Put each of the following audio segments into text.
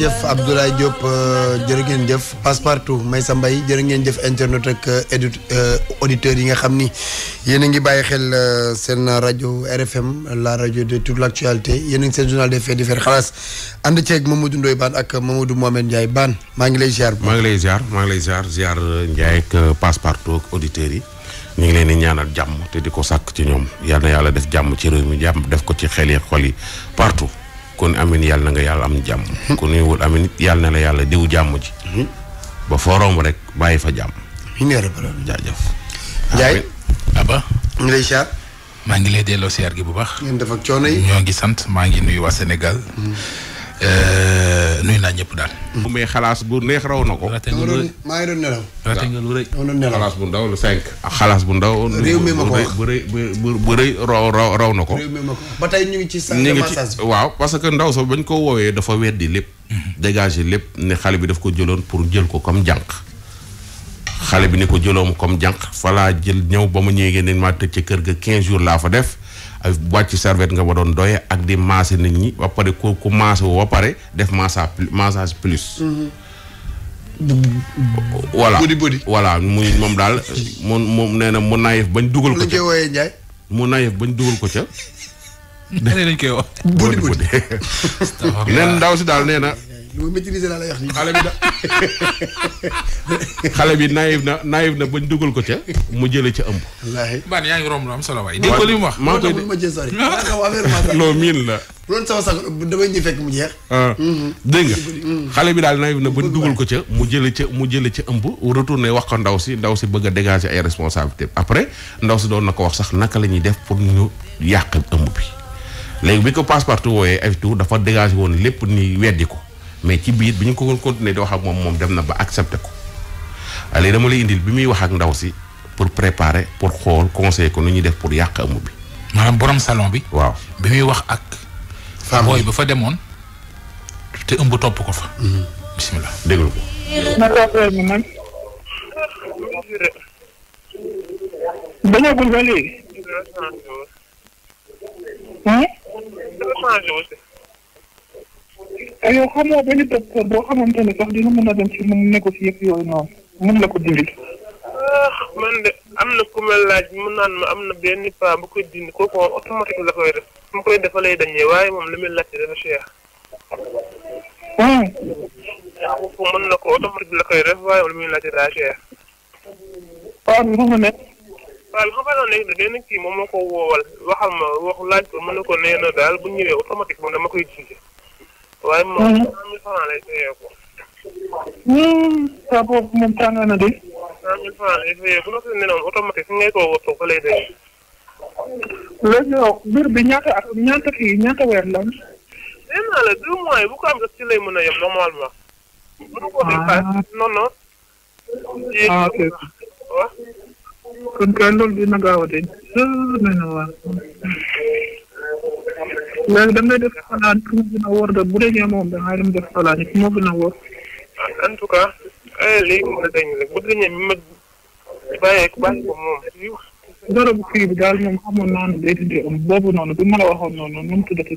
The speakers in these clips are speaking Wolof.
jërëjëf Abdoulaye Diop euh, jërë ngeen jëf Passepartout Maysa Mbaye jërë ngeen jëf internet ak euh, édu euh, auditeurs yi nga xam ni yéen a ngi bàyyi xel seen rajo RFM la rajo de toute l' actualité yéen a ngi seen journal de faits divers xalaas ànd ceeg Mamadou Ndoye Bane ak Mamadou Mohamed Ndiaye Bane maa ngi lay ziar. maa ngi lay ziar maa ngi lay ziar ziar Ndiaye ak Passepartout ak auditeurs yi. ñu ngi leen di ñaanal jàmm te di ko sàkk ci ñoom yal na yàlla def jàmm ci réew mi jàmm def ko ci xel yi xol yi kon amin yàlla na nga yàlla am jàmm. ku nuyuwul amin yàlla na la yàlla diw jàmm ji. ba forom rek bàyyi fa jàmm. amiin yaa rabbal aalamiin Aba. maa ngi lay delloo seer gi bu baax. ngeen def ak coono yi. ñoo ngi sant maa ngi nuyu waa Sénégal. Mm. Euh, nuyu naa ñëpp daal. bu may xalaas bu neex raw na ko. raté xalaas bu ndaw lu cinq. xalaas bu ndaw. réew mi ko bu rëy raw raw na ko. réew ci. ñu waaw parce que ndaw so bañ ko woowee dafa weddi lépp. Mhm. dégager lépp ne xale bi daf ko jëloon pour jël ko comme jànq. xale bi ne ko jëloom comme jànq falaa jël ñëw ba mu ñëwee ngeen ma tëj ci kër ga 15 jours laa fa def. wàcc serviette nga ba doon doye ak di maase nit ñi pare ku ku maase woo pare def massa massage plus. Mm-hmm. voilà budi budi voilà muy moom daal mu moom nee na mu naayef bañ dugal ko ca wooyee Njaay mu naayef bañ dugal ko ca. nee koy wax. budi ndaw si daal nee lu ma maîtriser laa lay wax xale bi da bi naïve na naïve na bañ dugal ko ca. mu jëlee ca ëmb. wallaahi. Ban yaa am solo waay. dégg ko wax maa ma cee sori. non loolu sax damay ñu fekk mu jeex. Ah. Mm-hmm. dégg nga xale bi daal naïve na bañ dugal ko ca mu jële ca mu jëlee ca ëmb retourné wax ko ndaw si ndaw si bëgg a dégager ay responsabilités après ndaw si doon na ko wax sax naka la ñuy def pour ñu yàq ëmb bi. léegi bi ko passe partout wooyee ay tout dafa dégagé woon lépp ni weddi ko mais ci biir bi ñu ko doon continuer di wax ak moom moom dem na ba accepte ko léegi dama lay indil bi muy wax ak ndaw si pour préparer pour xool conseil ko nu ñuy def pour yàq amu bi. maanaam borom salon bi. waaw bi muy wax ak. femme booy ba fa demoon. te ëmb topp ko fa. Mhm. bisimilah déglu ko. ba léegi. te eh, yow xamoo benn docteur boo xamante ne sax dina mën a dem ci mu négocier yooyu noonu mën la ko dindi. Ah, man de am na ku ma mu naan am na benn paa bu koy dindi kooku moom automatique la koy def mu koy dafa lay dañee waaye moom li muy laajte dafa cher. waaw. Hmm. Ah, kooku mën na ko automatique la koy def waaye moom li muy laajte daa cher. paa bi nga nekk. paa bi xam nga daal nekk benn kii moom moo ko woowal waxal ma wax ko mën na ko nee na daal bu ñëwee automatique moom dama koy dindi. waaye moom cent mm-hmm. mm-hmm. mille moom tàng na de. cent mille franc bi ñaata at ñaata kii ñaata weer la. a yem normalement. Ah. Ah, kon kay loolu dina gaaw a dee. léegi damay def xalaat a wóor de bu dee moom danaa dem def xalaat yi moo gën a wóor. en tout cas eh, léegi moom la dañu ne bu dee ñu mag bàyyee ku ko moom. bu fii bi daal moom xamoon naa ne day tuddee am boobu noonu bi ma la waxoon noonu nu mu tuddati.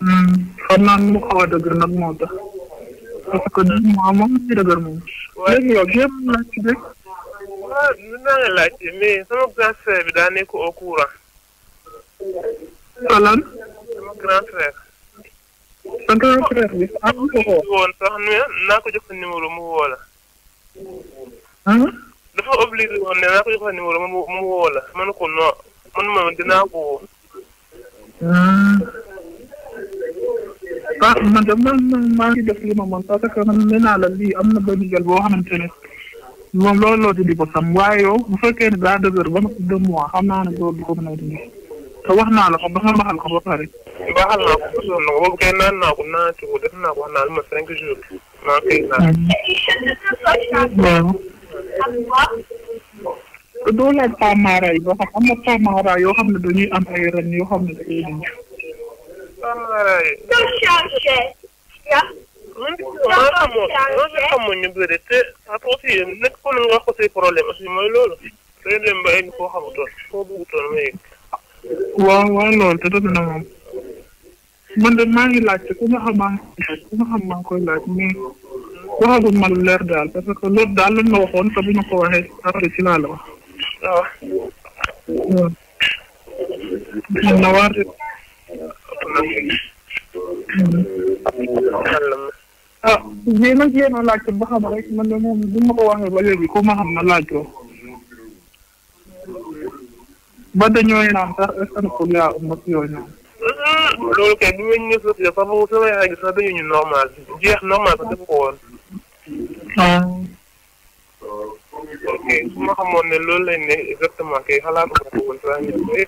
Hmm, xam naa nu mu xaw moo moom moom moom. léegi waaw mën naa la laaj mais sama grand frère bi daa nekk au courant. lan. sama grand frère. sa grand frère bi ah, am na ko. woon sax naa ko jox sa numéro mu woo la. dafa obligé woon ne naa ko jox sa numéro mu woo la man ko non man ma dinaa ko woo. ah man de man maa ngi def li ma mën parce que man nee naa la lii am na benn gel boo xamante ne. moom loolu loo ci di ko xam waaye yow bu fekkee ne daa dëgër ba mat deux mois xam naa ne loolu du ko mën a dindi naa la ko ba nga baxal ko ba pare. baaxal ko mosoon na ko boobu kay naan naa ko naan ci ko def naa ko naa lu naa koy naan. waaw. doo laaj paamaara yi boo xam am na paamaara yoo xam ne dañuy am ay ren yoo xam ne amoon loolu xamoon ñu bëri te aussi nekk ko nga wax ko say problème aussi mooy loolu day dem ba egg koo xamutoon koo bëggutoon ma yegg waaw waaw loolu te doon na moom man de maa ngi laajte ku ma xam maa ku ma xam maa koy laaj mais waxagul ma lu leer daal parce que loolu daal lañ ma waxoon te bu ma ko waxee après ci laa la a ah. waaw man na waar de mm-hmm. ah bii nag yéen a laajte ba xam rek man de moom bi ma ko waxee ba léegi ma xam na laaj ko ba dañooy naan sax est-ce que yaa ummat yooyu naan. Ah, loolu kay bi ma ñu ñëw si sax moom sama yaay gi sax dañu ñu normal jeex normal sax def ko woon. Ah. ma xamoon ne loolu lay ne exactement kay xalaatu ko woon sax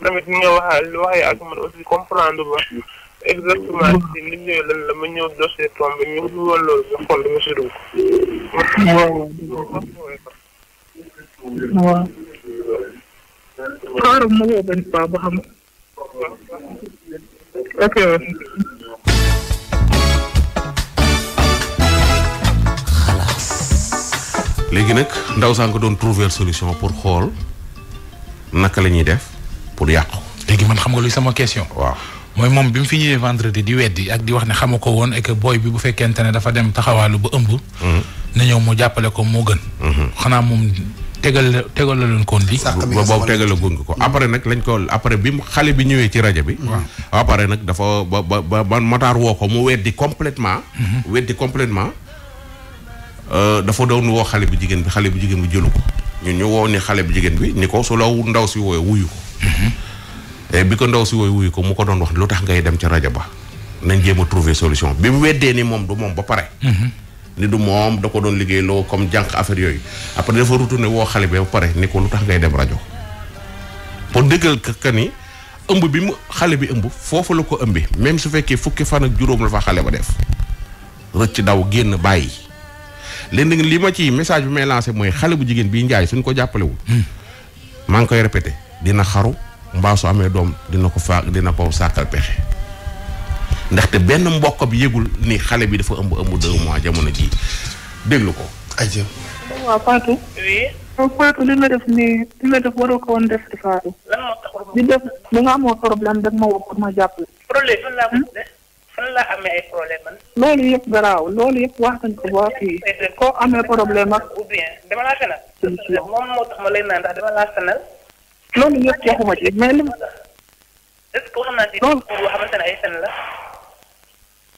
tamit ni nga waxee waxee ak man aussi comprendre ba. exactement ci liggéey lan ndaw saa nga trouver solution pour xool naka la def pour yàqu léegi man xam nga luy sama question waaw mooy moom bi mu fi ñëwee vendredi di weddi ak di wax ne xamu ko woon et booy bi bu fekkente ne dafa dem taxawaalu ba ëmb. Mm-hmm. na ñëw mu jàppale ko moo gën. Mm-hmm. xanaa moom tegal tegal la leen koon lii. boobu tegal la gunge ko après nag lañ ko après bi mu xale bi ñëwee ci rajo bi. Mm-hmm. waaw après nag dafa ba ba ba Matar woo ko mu weddi complètement weddi complètement euh, dafa doon woo xale bi jigéen bi xale bu jigéen bi jëlu ko. ñun ñu woo ni xale bi jigéen bi ni ko su la ndaw si wooyee wuyu Eh, bi ko ndaw si woy wuyu ko mu ko doon wax lu tax ngay dem ca rajo ba nañ jéem a trouver solution bi mu weddee ni moom du moom ba pare mhm. ni du moom da ko doon liggéey loo comme jànq affaire yooyu après dafa retourné woo xale bi ko lu tax ngay dem rajo pour dëggal ni ëmb bi mu xale bi ëmb foofu la ko ëmbi même su fekkee fukki fan ak juróom la fa xale ba def rëcc daw génn bàyyi léegi li ma ci message bi may lancé mooy xale bu jigéen bii njaay suñ ko jàppalewul hmm. maa ngi koy répété dina xaru mbaa su amee doom dina ko faa dina ko sàkkal pexe ndaxte benn mbokk bi yëgul ni xale bi dafa ëmb ëmb deux mois jamono jii déglu ko. aja waaw Fatou. oui. Fatou li nga def nii li nga def waroo ko woon def di Fatou. lan moo tax di def bu nga amoo problème rek ma woo pour ma jàppale. problème fan laa ko hmm? fan laa amee ay problème man. loolu yëpp garaaw loolu yëpp wax nañ ko ba fii. koo amee problème ak. ou bien dama laa fenal. moom moo tax ma lay naan ndax dama laa fenal. loolu yëpp waxuma ci mais ma.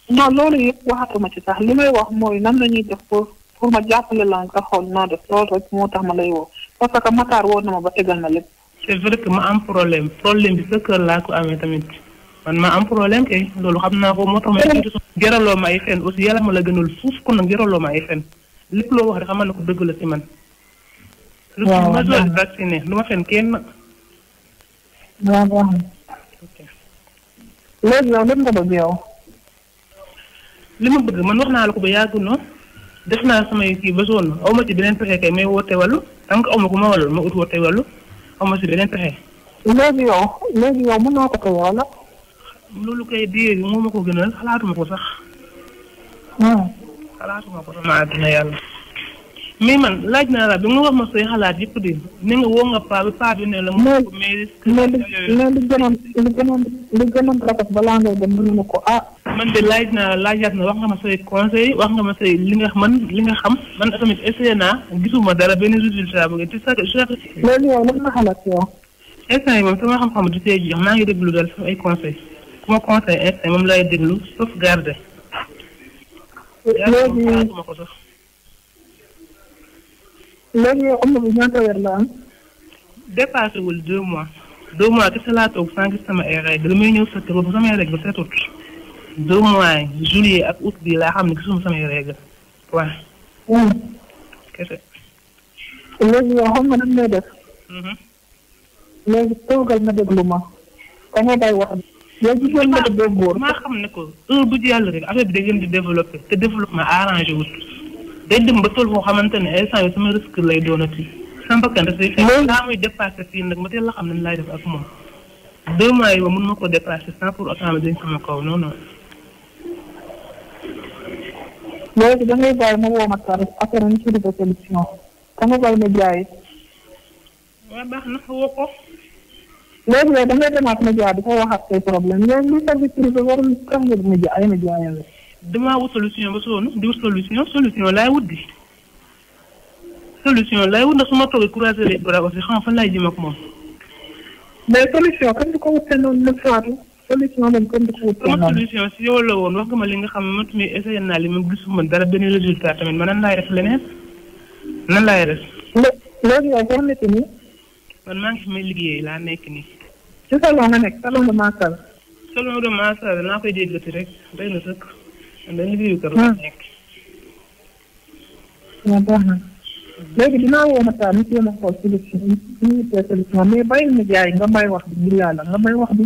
ci loo waxatuma ci sax li may wax mooy nan la ñuy def pour pour ma jàppale la nga xool noo def loolu rek moo tax ma lay woo parce que Matar woo na ma ba tegal na lépp. c'est vrai ma am problème problème bi sa kër laa ko amee tamit man ma am problème kay loolu xam naa ko moo tax ma. jaraloo ma ay fen aussi yàlla la gënal kon nag jaraloo ma loo wax rek xamal na ko dëgg si man. lu ma vacciné lu ma waaw waaw. léegi yow lépp nga yow. man wax naa la ko ba yàggul noonu def naa samay kii ba sonn aw ma ci beneen pexe kay may woote wàllu tant que aw ma ko ma léegi yow léegi yow mën naa ko ko yow la. loolu kay biir bi ma ko gënal xalaatuma ko sax. xalaatuma ko sax maa dina yàlla. mais man laaj naa la bi nga wax ma say xalaat yëpp de ni nga woo nga paa bi paa bi ne la. mais mais li gënoon li gënoon li gënoon balaa ngay dem mënu ma ko ah. man de laaj naa la laajaat na wax nga ma say conseil wax nga ma say li nga man li nga xam man tamit essayé naa gisuma dara benn résultat bu te chaque chaque. nga yi moom sama xam-xam du see jox maa ngi déglu daal sama ay conseil ku ma conseil instant moom laay déglu sauf garde. léegi yow am na wul deux mois. deux mois kese laa toog sans gis sama ay règle lu may ñëw fekk ba bu samay règle setut deux mois juillet ak août bi laa xam ne gisuma samay règle waaw. Hmm. kese. léegi yow xam nga nan lay def. Mm-hmm. léegi toogal ma déglu ma. da ngay day wax. yow gisal ma déglu góor. maa xam ne ko heure bu jàll rek affaire bi da ngeen di développé te développement arrangé wut. day dem ba tool foo xamante ne instant yi sama risque lay doonati. sama bakkan daf lay fekk daa muy dépassé fii nag ma teel la xam ne laay def ak moom. deux mois yi ba mun ma ko dépassé sans pour autant ma jëm sama kaw non non. léegi da ngay bàyyi ma woo ma tar après ñu ci dugg solution da nga bàyyi ma jaay. waaw baax na woo ko. léegi nag da ngay demaat ma jaay di ko wax ak say problème léegi li service privé warul tax nga di ma jaay ma jaayal la. damaa wut solution ba sonn di wut solution solution laay wut di solution laay wut ndax su ma toogee croiser les bras aussi xam fan laay jëm ak moom. mais solution kan du ko wutee noonu la Fatou solution moom kan du ko wutee noonu. sama solution si yow la woon wax nga ma li nga xam ne man tamit essayé naa li ma gisuma dara benn résultat tamit man nan laay def leneen nan laay def. léegi yow boo nekk nii. man maa ngi fi may liggéey laa nekk nii. ci salon nga nekk salon de massage. salon de massage naa koy déggati rek day na sëkk. benn biir kër la nekk. waaw na léegi dinaa woo Matar ñu jéem a xool solution bi ñu teel solution mais bàyyil ma jaay nga may wax bi ngir yàlla nga may wax bi.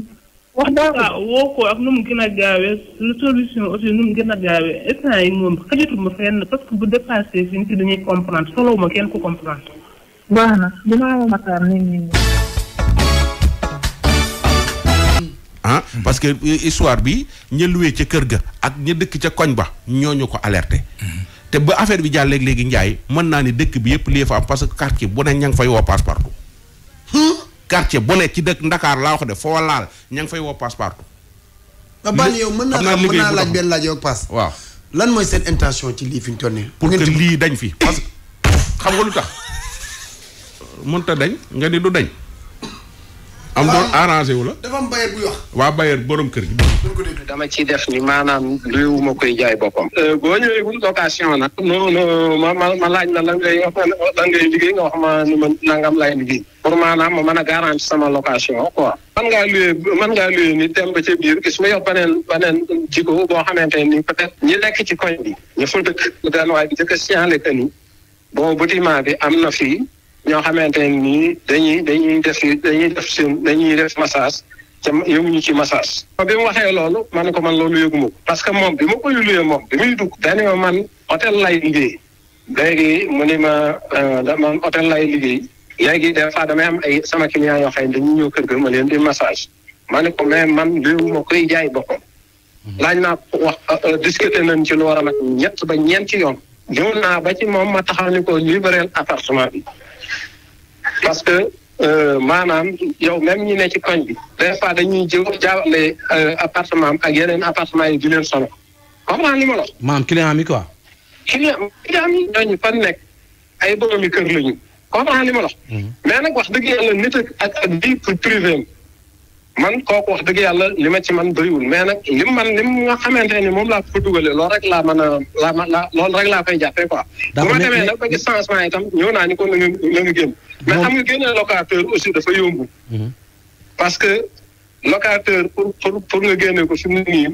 wax dëgg waaw woo ko ak nu mu gën a gaawee lu solution aussi nu mu gën a gaawee instant yi moom xajatul ma fenn parce que bu dépassé fi nit dañuy comprendre solo ma kenn ku comprendre. baax na dinaa woo Matar nii nii ah parce que euh, histoire bi ña luwee ca kër ga ak ña dëkk ca koñ ba ñooñu ko alerte te ba affaire bi jàllee léegi njaay mën naa ni dëkk bi yëpp lii fa am parce que quartier bu ne ña ngi fay woo passe partout quartier bu ne ci dëkk Ndakaar laa wax de foo laal ña ngi fay woo passe partout babal yow mën naa mën naa laaj benn laaj yow passe waaw lan mooy seen intention ci lii fi ñu toll nii pour que lii dañ fi parce xam nga lu tax mënta dañ nga ni du dañ am doon arrangé wu la. dafa am bayeer buy wax. kër gi. dama ciy def ni maanaam luyu ma koy jaay boppam. Euh, boo ñëwee bu location nag. non non ma ma laaj la lan ngay lan ngay liggéey nga wax ma ni ma nangam laay liggéey. pour maanaam ma mën a garanti sama location quoi. man ngaa luyee man ngaa luyee ni dem ba ca biir su ma yor beneen beneen jiko boo xamante ni peut-être ñi nekk ci koñ bi. ñu fa dëkk. daan waay bi njëkk a signalé que ni bon bi am na fii. ñoo xamante ni dañuy dañuy def dañuy def seen dañuy def massage te yëguñu ci massage. bi mu waxee loolu ma ne ko man loolu yëguma parce que moom bi ma koy luyee moom bi muy dugg. dañu ma man hôtel lay liggéey léegi mu ne ma euh, man hôtel lay liggéey léegi des fois damay ay sama client yoo xam ne dañuy ñëw kër ga ma leen di massage ma ne ko man luyuma koy jaay boppam. Mhm. laaj naa wax euh, euh, discuter nañ ci lu war a mat ñett ba ñeent yoon. ñëw naa ba ci moom ma taxaw ni ko libéral appartement bi. parce que euh, maanaam yow même ñi nekk ci koñ bi des fois dañuy jëw jaawale euh, appartement am ak yeneen yi di leen sonal comprendre li ma la. maanaam client mi quoi. client client nekk ay boroomi kër la ñu comprendre li ma la. Mhm. mais nag wax dëgg yàlla nit ak ak vie privée man kooku wax dëgg yàlla li ma ci man bëriwul mais nag li man li nga xamante ne moom laa ko dugalee loolu rek laa mën a laa ma laa rek laa fay jàppee quoi. bu ma demee nag ba changement itam ñëw naa ni ko na nga na mais xam nga génne locateur aussi dafa yomb. Mhm. parce que locateur pour pour pour nga génne ko fi mu nii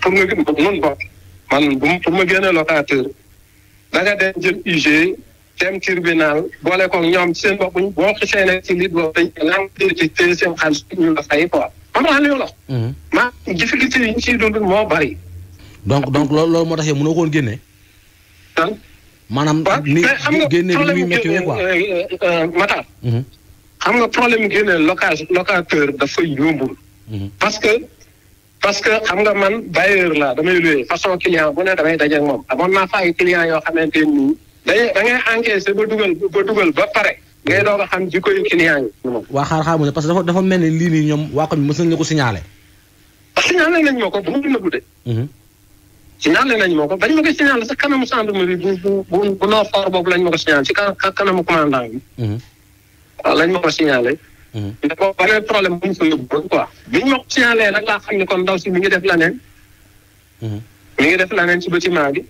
pour nga mën ko man bu pour ma génne locateur da nga dem jël UG dem tribunal boole ko ñoom seen bopp boo xisee nekk ci ci téye seen xaalis ñu la fay quoi xam nga loolu la. Mhm. ma difficulté yi ñu ciy dund moo bari. donc donc loolu loolu moo tax yow mënoo ko woon génne. maanaam ni génne bi muy météo quoi euh, euh, euh, mhm. xam nga problème génne loca locateur dafa yombul mhm. parce que parce que xam nga man bailleur la damay loué façon client bu ne damay daje ak moom amoon naa fa ay client yoo xamante nii dañuy da ngay encaissé ba dugal ba ba pare ngay mhm. doog a xam jikko yu client yi waa xaar xaar mu parce que dafa mel ni lii nii ñoom waa ko mës nañ la ko signalé signalé nañ ma ko bu nëbbu de signalé nañ moo ko bañ ma ko signalé sax kanamu gendarmerie bi bu bu bu noo xoor boobu lañ ma ko signalé ci kanamu commandant bi. Mhm. lañ ma ko signalé. Mhm. mais boo ba problème bu ñu fa yóbbu quoi biñ ma ko signalé nag laa xam ne kon ndaw si mi ngi def leneen. Mhm. mi ngi def leneen ci bâtiment bi.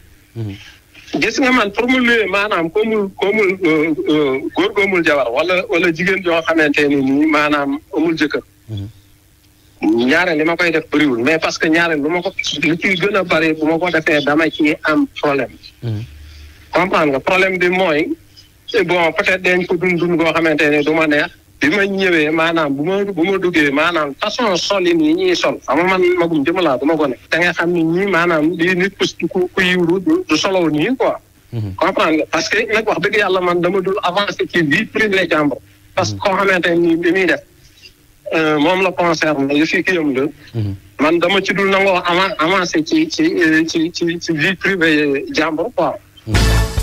gis nga man pour mu luwee maanaam koomul koomul euh, euh, góor goomul jawar wala wala jigéen joo xamante ne maanaam amul jëkkër. ñaareel li mm. e ma koy def bariwul mais parce que ñaareel bu ma ko li ci gën a bëri bu ma ko defee dama ci am problème. comprendre nga problème bi mooy bon peut être dañ ko dund dund goo xamante ne du ma neex bi ma ñëwee maanaam bu ma bu ma duggee maanaam façon sol yi ñuy sol xam man magum jëm laa du ma ko ne da nga xam ni ñii maanaam di nit ku ku ku yiwru du solow nii quoi. comprendre nga parce que nag wax dëgg yàlla man dama dul avancer ci vie privée jàmbur. parce que koo xamante ni bi muy def. Euh, moom la concerne yu fi kiyam la man dama ci dul nango avan avancé ci euh, ci ci ci vie privée jàmbur quoi mhm.